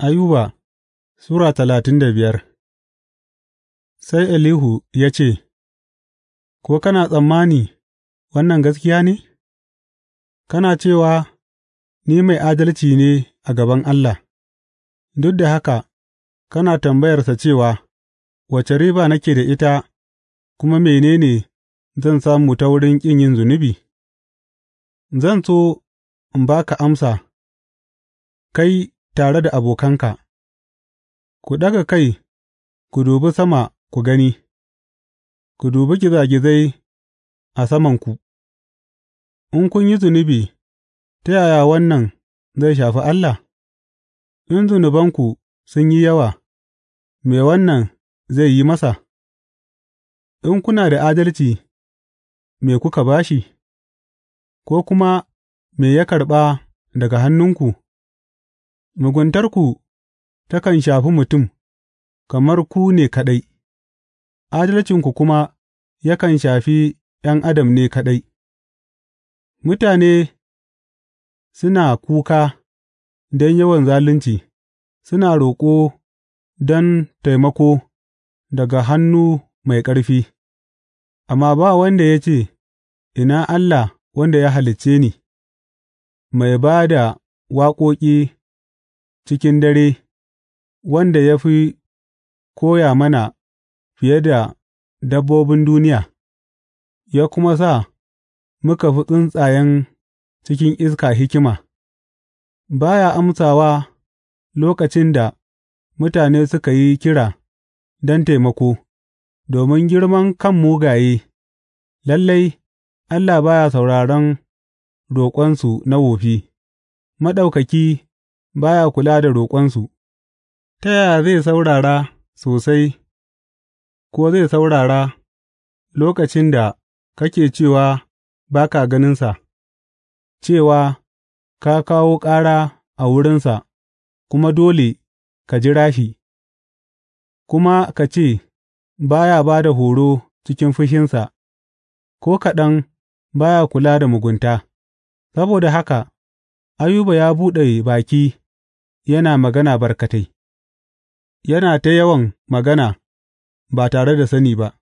Ayuba Sura talatin da biyar Sai Elihu ya ce, Ko kana tsammani wannan gaskiya ne? Kana cewa, Ni mai adalci ne a gaban Allah, duk da haka kana tambayarsa cewa, Wace riba nake da ita kuma menene ne zan samu ta wurin ƙin yin zunubi? Zan so in ba ka amsa, kai tare da abokanka, ku ɗaga kai ku dubi sama ku gani, ku dubi gizagizai a samanku, in kun yi zunubi, ta yaya wannan zai shafi Allah? In zunubanku sun yi yawa, me wannan zai yi masa? In kuna da adalci, me kuka bashi? ko kuma me ya karɓa daga hannunku? Muguntarku takan shafi mutum, kamar ku ne kaɗai, adalcinku kuma yakan shafi ’yan adam ne kaɗai; mutane suna kuka don yawan zalunci, suna roƙo don taimako daga hannu mai ƙarfi, amma ba wanda ya ce, Ina Allah wanda ya halicce ni, mai ba da waƙoƙi. cikin dare, wanda ya fi koya mana fiye da dabbobin duniya, ya kuma sa muka fi tsuntsayen cikin iska hikima, ba ya amsawa lokacin da mutane suka yi kira don taimako, domin girman kan mugaye, lallai Allah ba ya sauraron roƙonsu na wofi, Maɗaukaki ba ya kula da roƙonsu, ta yaya zai saurara sosai ko zai saurara lokacin da kake cewa ba ka ganinsa, cewa ka kawo ƙara a wurinsa, kuma dole ka jira shi, kuma ka ce, Ba ya ba da horo cikin fushinsa, ko kaɗan ba ya kula da mugunta, saboda haka. Ayuba ya buɗe baki yana magana barkatai, yana ta yawan magana ba tare da sani ba.